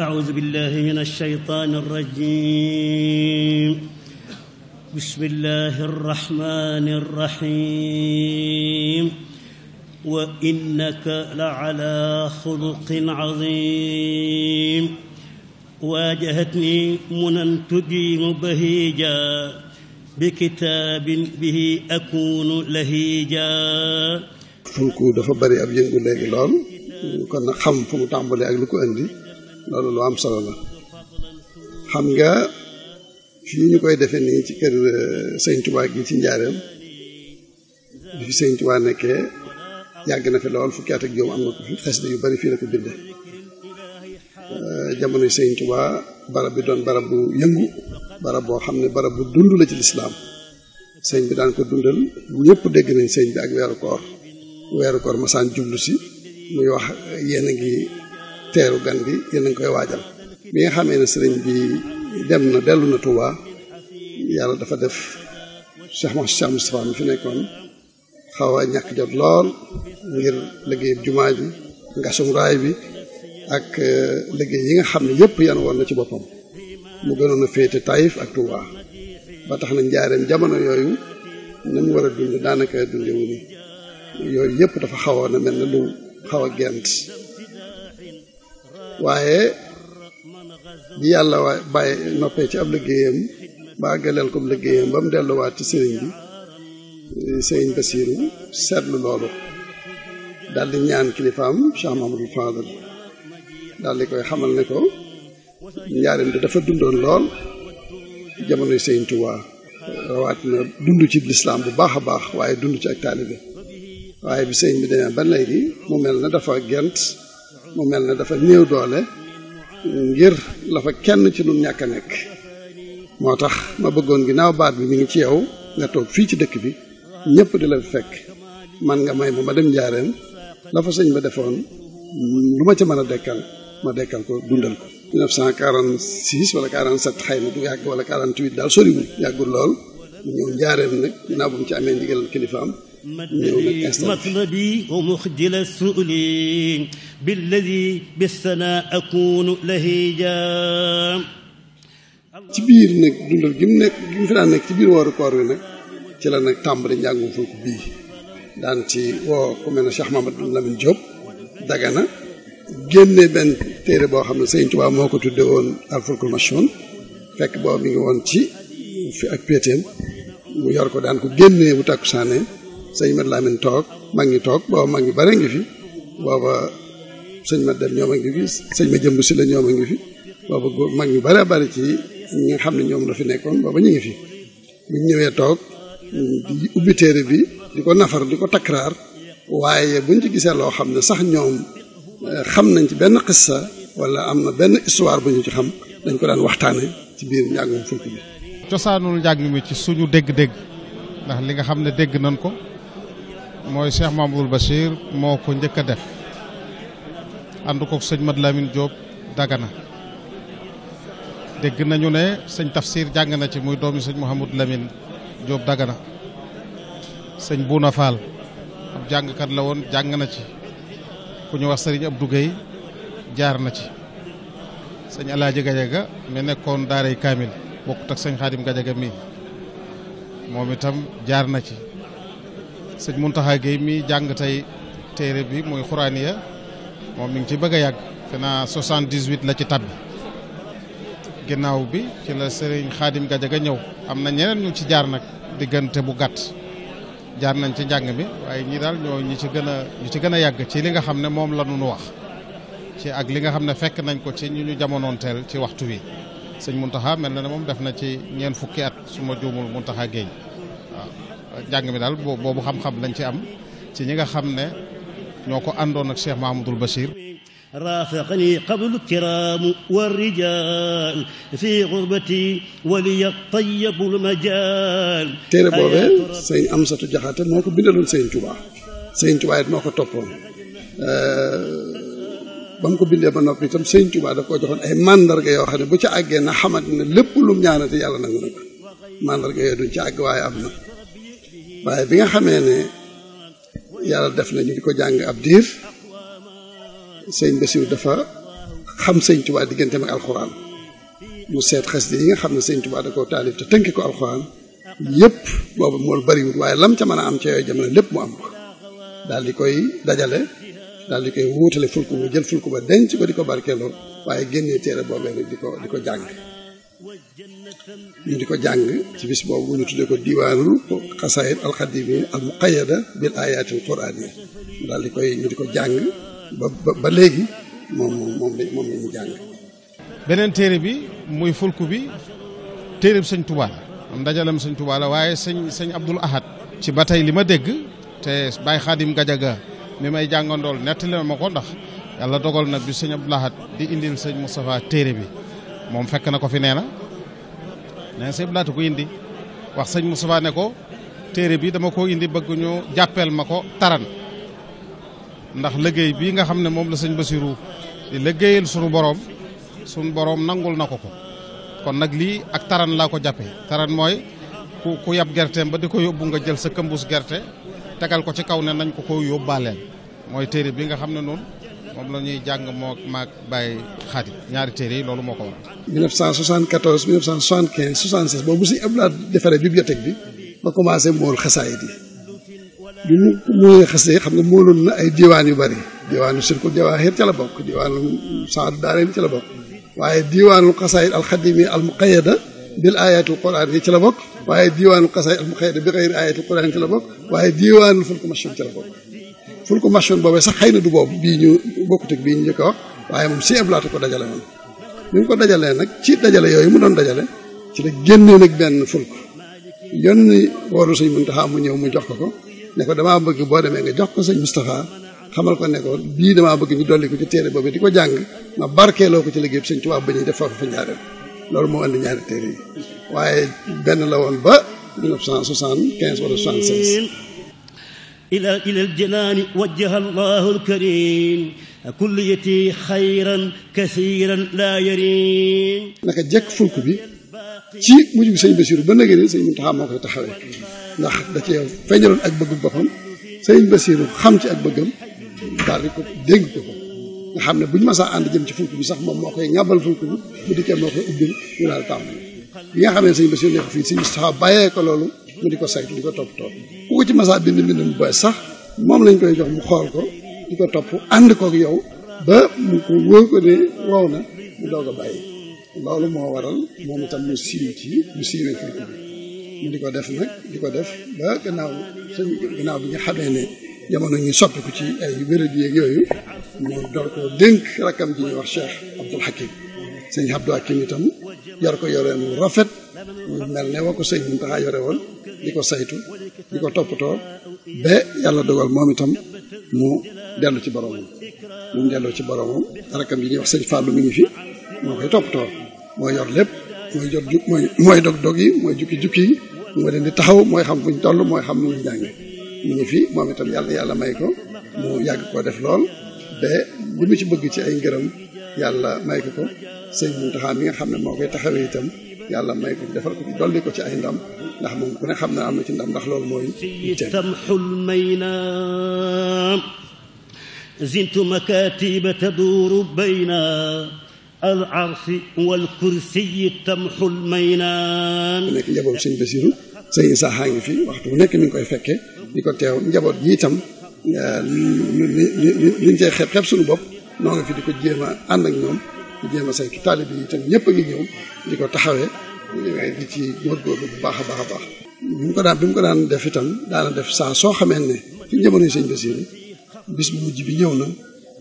أعوذ بالله من الشيطان الرجيم بسم الله الرحمن الرحيم وإنك لعلى خلق عظيم واجهتني منى تديم بهيجا بكتاب به أكون لهيجا. fonk dafa bari ab yëngu léegi lool kon nag xam fu mu tàmbalee ak lu ko indi. loolu lu am solo la xam nga fii ñu koy defee nii ci kër euh, Sëñ Tuubaa gi ci njaareem bi fi Sëñ Tuubaa nekkee yàgg na fi lool fukki at ak juróom am na ko fi xes yu bari fii la ko binde euh, jamono Sëñ Tuubaa barab bi doon barab yëngu barab boo xam ne barab bu dund la ci lislaam sëñ bi daan ko dundal ñëpp dégg nañ sëñ bi ak weeru koor weeru koor masaan jublu si muy wax yéen ngi teeru gan gi yéen a ngi koy waajal bi nga xamee ne sëriñ bi dem na dellu na Touba yàlla dafa def Cheikh Moussa Cheikh Moustapha mi fi nekkoon xaw a ñàkk jot lool ngir liggéey jumaa ji ngasum raay bi ak euh, liggéey yi nga xam ne yëpp yan woon na ci boppam mu gënoon a féete Taïf ak Touba ba tax na njaareem jamono yooyu ni mu war a dund daanaka dunde wu ni yooyu yëpp dafa xawoon a mel ne lu xaw a gent waaye bi yàlla waay bàyyi noppee ci ab liggéeyam ba gëleel ko liggéeyam ba mu delluwaat ci sëriñ bi eh, sëriñ Basiiru seetlu loolu daal di ñaan kilifaam Cheikh Mamadou Fadal daal di koy xamal ne ko njaarim di dafa dundoon lool jamonoy sëriñ Tuubaa rawatina dund ci lislaam bu baax a baax waaye dund ci ak taalibe waaye bi sëriñ bi demee ba léegi mu mel na dafa gent mu mel ne dafa néew doole ngir la fa kenn ci nun ñàkk a nekk moo tax ma bëggoon ginnaaw baat bi mi ngi ci yow nga toog fii ci dëkk bi ñëpp di la fekk man nga may ma ma dem njaareem la fa ba defoon lu ma ca man a dekkal ma dekkal ko dundal ko 1946 wala 47 xëy na du yàgg wala 48 daal soriwul yàggul lool mu ñëw njaareem nag ginnaaw bu mu ci amee ndigal kilifaam مطلبي ومخجل السؤل بالذي بالثناء أكون لهيجا ci biir nag dundal gi mu nekk gi mu fi daan nekk ci biir wooru koor wi nag ci la nag tàmbali njàngum fulku bii daan ci woo ku mel ne Cheikh Mamadou Lamine Diop Dagana génne benn téere boo xam ne Sëriñ Tuubaa moo ko tudde woon al fulkul mashhun fekk boobu mi ngi woon ci fi ak péetéem mu yor ko daan ko génnee bu tàkku saanee sëñ Mat Lamin toog mag ñi toog booba mag ñi bare ngi fi booba sëñ Mat Dem ñoom ngi fi sëñ ma jëmb si la ñoom a ngi fi booba mag ñu bare bari ci ñi nga xam ne ñoom la fi nekkoon booba ñu ngi fi ñëwee toog di ubbi téere bi di ko nafar di ko takraar waaye buñ ci gisee loo xam ne sax ñoom eh, xam nañ ci benn xissa wala am na benn histoire bu ñu ci xam dañ ko daan waxtaane ci biir njàngum fukk bi cosaanul njàng mi ci suñu dégg-dégg ndax li nga xam ne dégg nañ ko mooy Cheikh Mamadou Bachir moo ko njëkk a def ànd sëñ Mad lamin Diop Dagana dégg nañu ne sëñ Tafsir jàng na ci muy doomi sëñ mu Mouhamadou Lamine Diop Dagana sëñ Bouna Fall ab jàngkat la woon jàng na ci ku ñu wax sëriñ Abdou Gueye jaar na ci sëñ Alaaji Gajaga mi nekkoon daaray Kaamil bokkut ak sëñ Xaadim Gajaga mii moom itam jaar na ci sëñ Mountakha Guèye mi jàng tey téere bi muy xuraaniya moom mi ngi ci bëgg a yàgg fenaa 78 la ci tabbi ginnaaw bi ci la sëriñ Xaadim Gajaga ñëw am na ñeneen ñu ci jaar nag diggante bu gàtt jaar nañ ci njàng mi waaye ñii daal ñoo ñi ci gën a ñi ci gën a yàgg ci li nga xam ne moom la nu wax ci ak li nga xam ne fekk nañ ko ci ñu ñu jamonoonteel ci waxtu wi sëñ Mountakha mel na ne moom def na ci ñeen fukki at su ma juumul Mountakha Guèye jàng mi daal boobu xam-xam lañ ci am ci ñi nga xam ne ñoo ko àndoon ak Cheikh Mahamadul Bachir raafaqani qablu kiraamu wa rijaal fi gurbati waliya tayyabul majaal téere boobee sëñ Amsatu Jaxate moo ko bindaloon sëñ ko toppoon ba mu ko bindee ba noppi itam sëñ daf koo joxoon ay mandarga yoo xam bu ci àggee na xamante ne lépp lu mu ñaanati yàlla nangu na ko mandarga yooyu duñ ci àgg waaye am na waaye bi nga xamee ne yàlla def na ñu di ko jàng ab diir sëñ Basiru dafa xam sëñ Tuubaa digganteem ak alxuraan mu seet xasida yi nga xam ne sëñ Tuubaa da ko taalif te tënki ko alxuraan yëpp boobu mool bariwut waaye lam ca mën a am ca yooyu jamono lépp mu am ko daal di koy dajale daal di koy wuutale fulku mu jël fulku ba denc ko di ko barkeeloo waaye génnee téere boobee nag di ko di ko jàng ñu di ko jàng ci bis boobu ñu tuddee ko diwaanu xasaayid alxadimi al muqayada bil ayatil quraan yi daal di koy ñu di ko jàng ba ba léegi moom moom moom la ñu jàng. beneen téere bi muy fulku bi téere bi sëñ Tuubaa la am ndajalam sëñ Tuubaa waaye sëñ sëñ Abdul Ahad ci ba tey li ma dégg te Baye Xaadim Gajaga mi may jàngandool nettali ma ko ndax yàlla dogal na bi sëñ Abdul Ahad di indil sëñ Moustapha téere bi. moom fekk na ko fi nee na nee na sëñ ko indi wax sëñ Moustapha ne ko téere bi dama ko indi bëgguñu jàppeel ma ko taran ndax liggéey bii nga xam ne moom la sëñ si Basiru di liggéeyal sunu boroom sunu boroom nangul na ko ko kon nag lii ak taran laa ko jàppee taran mooy ku ku yab gerteem ba di ko yóbbu nga jël sa këmbus gerte tegal ko ci kaw ne nañ ko ko yóbbaaleel mooy téere bi nga xam ne noonu moom la ñuy jàng moo maag Baye Xaadim ñaari téere yi loolu moo ko waral. 1974 1975 76 boobu si Abdoulaye defaree bibliothèque bi ba commencé mool xasaayit yi bi mu mooy xasee xam nga mooloon na ay diwaan yu bari diwaanu sirku jawaahir ca la bokk diwaanu saadu daareen ca la bokk waaye diwaanu xasaayid alxadimi almuqayada bil ayatul quran yi ci la bokk waaye diwaanu xasaayid almuqayada bi xayri ayatul quran ci la bokk waaye diwaanu fulku mashhur ci la bokk ful ko machine boobee sax xëy na du boobu bii ñu bokkut ak bii ñu njëkk a wax waaye moom Sëñ Abdou ko dajale woon ñu ngi ko dajalee nag ci dajale yooyu mu doon dajale ci la génnee nag benn fulk yónni woolu sëñ Muntaxa mu ñëw mu jox ko ko ne ko damaa bëgg boo demee nga jox ko sëñ Moustapha xamal ko ne ko bii damaa bëgg ñu dolli ko ci téere boobu di ko jàng ma barkeeloo ko ci liggéey sëñ Tuubaa ba ñuy def foofu fa ñaareel loolu moo indi ñaari téere yi waaye benn la woon ba 1975 wala 76 إلى إلى الجنان وجه الله الكريم كليتي خيرا كثيرا لا يرين naka jekk fulk bi ci mujj bi sëñ Basiru ba nagee ne sëñ Muntaxa moo koy taxawee ndax da cee feeñaloon ak bëggu boppam sëñ Basiru xam ci ak bëggam daal di ko dénk ko ko nga xam ne buñu masaa ànd jëm ci fulk bi sax moom moo koy ŋàbbal fulk bi bu dikkee moo koy ubbil ñu daal tàmbali bi nga xam ne sëñ Basiru nekk fii sëñ Muntaxa bàyyee ko loolu mu di ko saytu di ko topp topp ku ko ci masaa bind bind mu booy sax moom lañ koy jox mu xool ko di ko topp ànd kook yow ba mu ko na mu doog a bàyyi loolu moo waral moom itam mu siiw ci mu siiwee fii ko def nag di ko def ba gannaaw sa gannaaw bi nga xamee ne jamono ñu ci ay wérad yeeg yooyu mu door koo dénk rakkam ji ñuy wax Cheikh Abdoul Hakim sëñ Abdoul Hakim itam yor ko yoreen mu rafet mu mel ne woo ko sëñ Muntaxa yore woon di ko saytu di ko toppatoo ba yàlla dogal moom itam mu dellu ci boromam mu mu delloo ci boromam rakam yi ñuy wax sëñ Fallou mi ngi fi moo koy toppatoo mooy yor lépp mooy jot ju mooy mooy dog dog yi mooy jukki jukki yi moo di taxaw mooy xam fu ñu toll mooy xam nu ñu jànge mi ngi fi moom itam yàlla yàlla may ko mu yàgg koo def lool ba lu mu ci bëgg ci ay ngërëm yàlla may ko ko sëñ Mountakha mi nga xam ne moo koy taxawee itam yàlla may ko defal ko ci dolli ko ci ay ndam ndax moom ku ne xam na am na ci ndam ndax loolu mooy tamxul mayna zintu makatiba taduru bayna al arsi wal kursiyi tamxul mayna nekk njaboot si Basiru sëñ Saxaa ngi fi waxtu bu nekk mi koy fekke di ko teew njaboot ji itam eh, li li li suñu bopp noo nga fi di ko jéem a ànd ak ñoom ñu jéem a saytu taalibe yi itam ñëpp a ngi ñëw di ko taxawee di ci bi bu baax a baax a baax. bi mu ko daan bi mu ko daan def itam daana def saa soo xamee ne ci jamonoy sëñ Basiru bis mu mujj bi ñëw na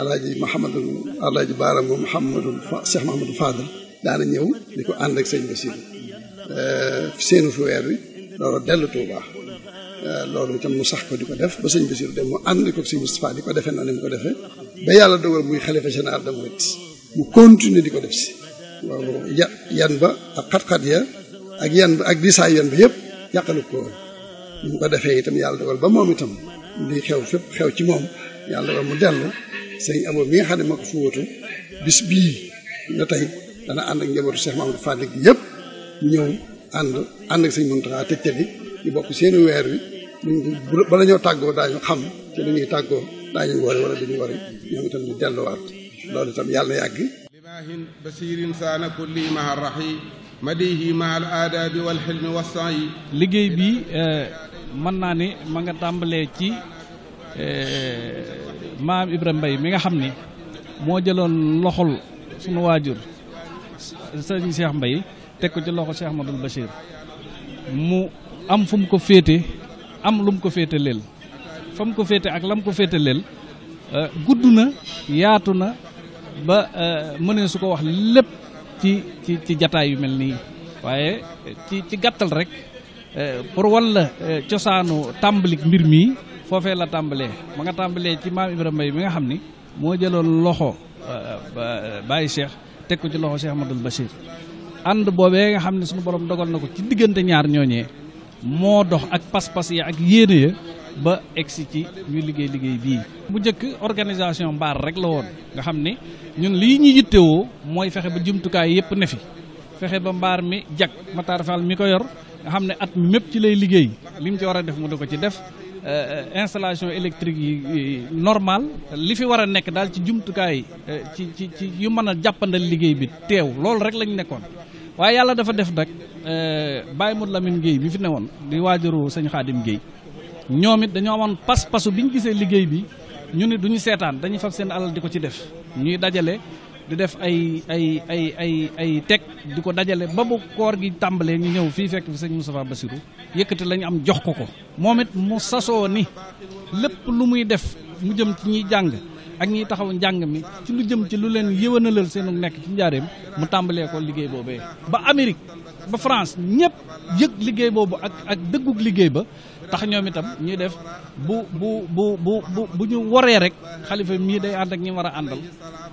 alaaji Mahamadul alaaji Baara moom Mahamadul Fa Cheikh Mahamadul Fadal daana ñëw di ko ànd ak sëñ Basiru seenu fi weer wi loolu dellu Tuubaa loolu itam mu sax ko di ko def ba sëñ Basiru dem mu ànd ko ak sëñ di ko defee na ni mu ko defee ba yàlla dogal muy xalifa général de wet mu continuer di ko def si loolu ya yan ba ak xat-xat ya ak yan ba ak diisaay yan ba yëpp yàqalu ko mu ko defee itam yàlla dogal ba moom itam li xew fépp xew ci moom yàlla mu dellu sëñ Abo mi nga xam ne moo ko fi wóotu bis na tey dana ànd ak njabootu Cheikh Mamadou Fadil gi yëpp ñëw ànd ànd ak sëñ Mountakha tëj tëj ñu bokk seeni weer wi bala ñoo tàggoo daañu xam ci li ñuy tàggoo daañu wari wala duñu wari ñoom itam ñu delluwaat loolu itam yàlla na yàgg limaahin basirin saana kulli maa raxi madihi ma al aadaabi wal xilmi wa sayi liggéey bi eh, mën naa ni ma nga tàmbalee ci eh, maam Ibrahima mbay mi nga xam ni moo jëloon loxol sunu waajur sëriñ Cheikh mbay teg ko ci loxo Cheikh Ahmadul Bachir mu am fu mu ko féete am lu mu ko féete leel fa mu ko féete ak la mu ko féete leel eh, gudd na yaatu na ba euh, mënee su ko wax lépp ci ci jataay yu mel nii waaye ci ci gàttal rek euh, pour walla euh, cosaanu tàmbalik mbir mi foofee la tàmbalee ma nga tàmbalee ci maam Ibrahima Mbaye mi nga xam ni moo jëloon loxo Baye Cheikh teg ko ci loxo Cheikh Amadou Bachir ànd boobee nga xam ne suñu borom dogal na ko ci diggante ñaar ñooñee moo dox ak pas-pas yi ak yéene ya ba egsi ci ñu liggéey liggéey bii mu njëkk organisation mbaar rek la woon nga xam ne ñun lii ñu yittewoo mooy fexe ba jumtukaay yëpp ne fi fexe ba mbaar mi jag Matar Fall mi ko yor nga xam ne at mi mépp ci lay liggéey li mu ci war a def mu di ko ci def euh, installation électrique yi normal li fi war a nekk daal ci jumtukaay euh, ci ci ci yu mën a jàppandal liggéey bi teew loolu rek lañ nekkoon waaye yàlla dafa def nag euh, Baye Modou Lamine Guèye bi fi newoon di waajuru sëñ Xaadim Guèye ñoom it dañoo amoon pas-pasu bi ñu gisee liggéey bi ñu ne du ñu seetaan dañuy fab seen alal di ko ci def ñuy dajale di def ay ay ay ay ay teg di ko dajale ba bu koor gi tàmbalee ñu ñëw fii fekk fi sëñ Moustapha Bassirou yëkkati lañu am jox ko ko moom it mu sasoo ni lépp lu muy def mu jëm ci ñuy jàng ak ñiy taxaw njàng mi ci lu jëm ci lu leen yëwanalal seenu nekk ci njaareem mu tàmbalee ko liggéey boobee ba Amérique ba France ñëpp yëg liggéey boobu ak ak dëggug liggéey ba tax ñoom itam ñuy def bu bu bu bu bu ñu waree rek xalifa mii day ànd ak ñi war a àndal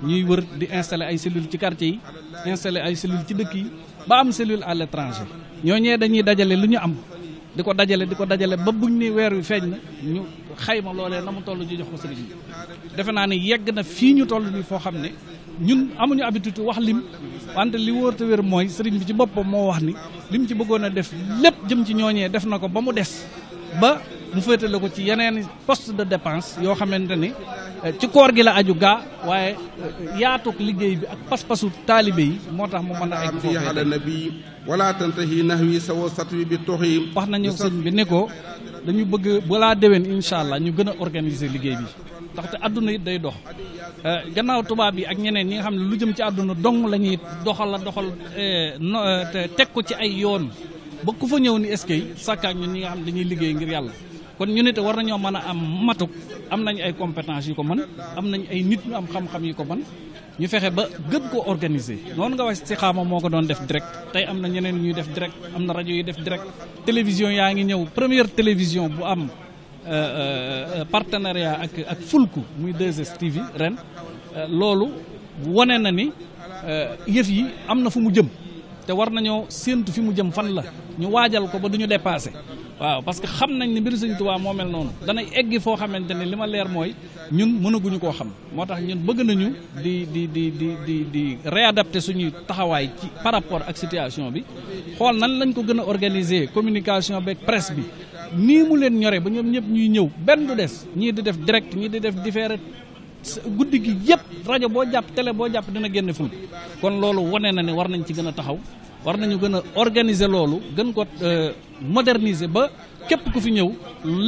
ñuy wër di installer ay cellules ci quartier yi installer ay cellules ci dëkk yi ba am cellule à l'étranger ñoo ñee dañuy dajale lu ñu am di ko dajale di ko dajale ba buñ ni weer wi feeñ na ñu xayma loolee na mu toll ñu jox ko sëriñ bi defe naa ne yegg na fii ñu toll nii foo xam ne ñun amuñu habitude wax lim wante li wóor te wér mooy sëriñ bi ci boppam moo wax ni lim ci bëggoon a def lépp jëm ci ñooñee def na ko ba mu des ba mu féetale ko ci yeneen post de dépense yoo xamante ni euh, ci koor gi la aju gaa waaye euh, yaatug liggéey bi ak pas-pasu taalibe yi moo tax mu mën a egg foofu ala nabi wala tantahi nahwi sawa satwi bi toxi nañu sëñ bi ne ko dañu bëgg balaa déwén incha allah ñu gën a organiser liggéey bi ndaxte àdduna yi day dox euh, gannaaw tubaab yi ak ñeneen ñi nga xam ne lu jëm ci àdduna dong la ñuy doxal la doxal teg ko ci ay yoon ba ku fa ñëw ni est-ce que sàkkaak ñun ñi nga xam ne dañuy liggéey ngir yàlla kon ñu te war nañoo mën a am matuk am nañu ay compétence yu ko mën am nañ ay nit ñu am xam-xam yu ko mën ñu fexe ba gën ko organiser noonu nga wax si xaama moo ko doon def direct tey am na ñeneen ñuy def direct am na rajo yi def direct télévision yaa ngi ñëw première télévision bu am euh, euh, euh, partenariat ak ak Fulku muy 2STV ren loolu wane na ni yëf yi am na fu mu jëm te war nañoo séentu fi mu jëm fan la ñu waajal ko ba du ñu dépassé waaw parce que xam nañ ne mbiru Sëñ Tuubaa moo mel noonu danay eggi foo xamante ne li ma leer mooy ñun mënaguñu koo xam moo tax ñun bëgg nañu di di di di di di réadapter suñuy taxawaay ci par rapport ak situation bi xool nan lañ ko gën a organiser communication beeg press bi nii mu leen ñore ba ñoom ñëpp ñuy ñëw benn du des ñii di def direct ñii di def différé guddi gi yëpp rajo boo jàpp tele boo jàpp dina génn film kon loolu wane na ne war nañ ci gën a taxaw war nañu gën a organiser loolu gën ko euh, moderniser ba képp ku fi ñëw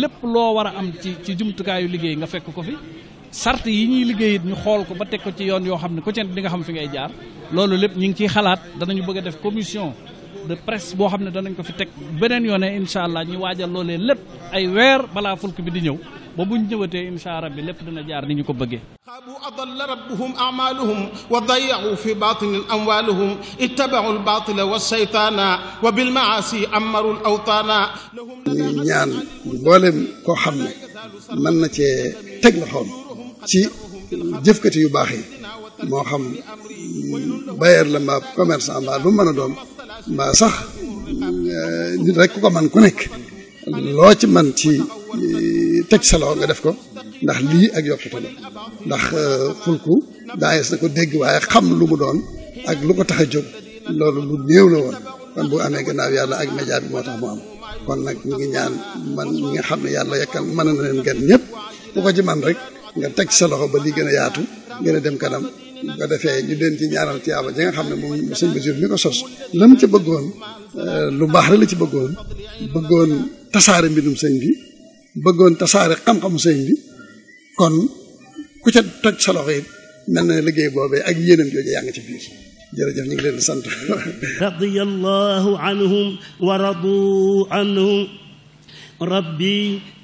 lépp loo war a am ci ci jumtukaayu liggéey nga fekk ko fi sart yi ñuy liggéey it ñu xool ko ba teg ko ci yoon yoo xam ne ku ci ne di nga xam fi ngay jaar loolu lépp ñu ngi ciy xalaat danañu bëgg a def commission de presse boo xam ne danañ ko fi teg beneen yoone incha allah ñu waajal loolee lépp ay weer balaa fulk bi di ñëw ba buñ ñëwatee insha rabbi lépp dina jaar ni ñu ko bëggee xaabu adalla rabbuhum amaaluhum wa dayacu fi baatinin amwaaluhum ittabacu albaatila walseytaana wa bilmacaasi ammaru lawtaana ñu ngi ñaan mboolem koo xam ne mën na cee teg loxoom ci yu baax yi moo la mbaa commerçant mbaa lu a doon mbaa sax euh, rek ko man ku nekk loo ci man ci teg sa loxo nga def ko ndax lii ak yokkute la ndax euh, fulku daayees na ko dégg waaye xam lu mu doon ak lu ko tax a jóg loolu lu néew la woon kon bu amee gannaaw yàlla ak média bi moo tax mu am kon nag ñu ngi ñaan man ñi nga xam ne yàlla yekkal mën na leen gën ñëpp ku ko ci man rek nga teg sa loxo ba li gën a yaatu gën a dem kanam bu ko defee ñu leen ci ñaanal tiyaaba ji nga xam ne moom sëñ Basiir mi ko sos lam ci bëggoon euh, lu baax rek la ci bëggoon bëggoon tasaare mbindum sëñ bi bëggoon tasaare xam-xamu sëñ bi kon ku ca toj sa loxo it mel boobee ak yéenam jooju yaa ngi ci biir jërëjëf ñu leen di sant radiyallahu anhum wa radu anhum rabbi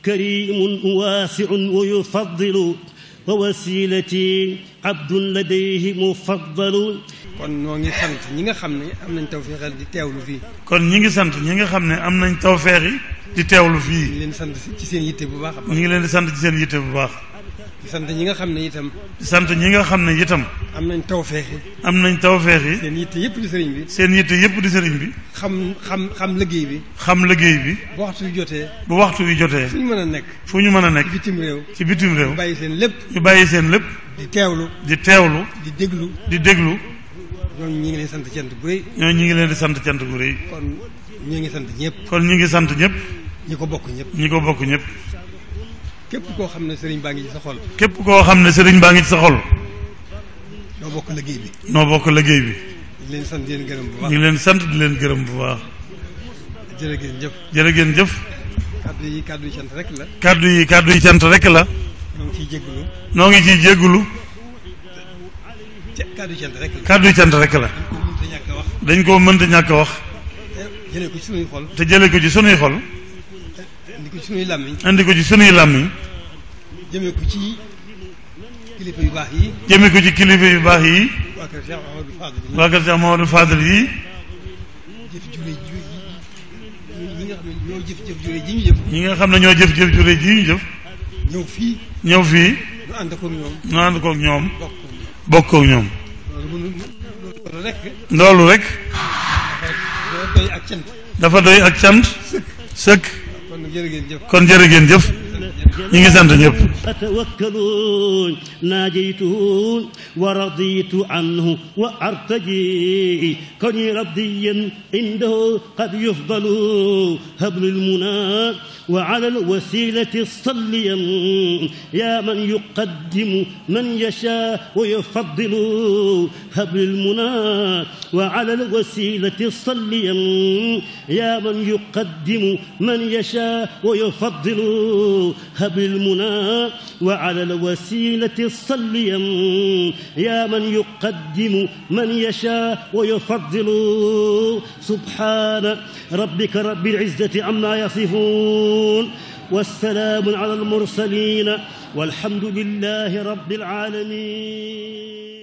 karimun waasiun wa yufaddilu wa wasilati abdun ladayhi mufaddalu kon ñoo ngi sant ñi nga xam ne am nañ tawféex di teewlu fii. kon ñi ngi sant ñi nga xam ne am nañ tawféex yi di teewlu fii. ñu leen di sant ci seen yitte bu baax ñu ngi leen di sant ci seen yitte bu baax. sant ñi nga xam ne itam. sant ñi nga xam ne itam. am nañ tawféex yi. am nañ tawféex yi. seen yitte yëpp di sëriñ bi. seen yitte yëpp di sëriñ bi. xam xam xam liggéey bi. xam liggéey bi. bu waxtu jotee. bu waxtu bi jotee. fu ñu mën nekk. fu ñu mën a nekk. ci bitim ci bitim réew. ñu seen lépp. ñu bàyyi seen lépp. di teewlu. di teewlu. di déglu. di déglu. ñooñu ñu ngi leen sant cant gu rëy. ñooñu ñu ngi leen di sant cant gu rëy. kon ñu ngi sant ñëpp. kon ñu ngi sant ñëpp. ñi ko bokk ñëpp. ñi ko bokk ñëpp. képp koo xam ne sëriñ baa ngi ci sa xol. képp koo xam ne sëriñ baa ngi ci sa xol. noo bokk liggéey bi. noo bokk liggéey bi. ñu ngi leen sant di leen gërëm bu baax ñu ngi leen sant di leen gërëm bu baax. jërë ngeen jëf. jërë jëf. kàddu yi kàddu yi cant rek la. kàddu yi kàddu yi cant rek la. noo ngi ciy jégalu. noo ngi ciy jégalu. kàddu cant rek la kàddu cant rek dañ koo mënta ñàkk a wax. xol. te jëlee ko ci sunuy xol. andi ko ci sunuy làmmiñ. ci sunuy yu baax yi. jëmee ko ci kilifa yu baax yi. waa kër Cheikh Mamadou Fadel yi. waa yi. ñu nga xam ne ñoo jëf jëf jure ji ñu jëf. ñëw fii. ñëw fii. ñu ñoom. bokk ak ñoom loolu rek dafa doy ak cant sëkk kon jërë ngeen jëf ñi ngi sant ñëpp atawakkalu najaytu wa raditu anhu wa artaji kuni rabdiyan indahu qad yufdalu hablul muna wa ala alwasilati salliyan ya man yuqaddimu man yasha wa yufaddilu hablul muna wa ala alwasilati salliyan ya man yuqaddimu man yasha wa yufaddilu هب المنى وعلى الوسيلة صليا يا من يقدم من يشاء ويفضل سبحان ربك رب العزة عما يصفون والسلام على المرسلين والحمد لله رب العالمين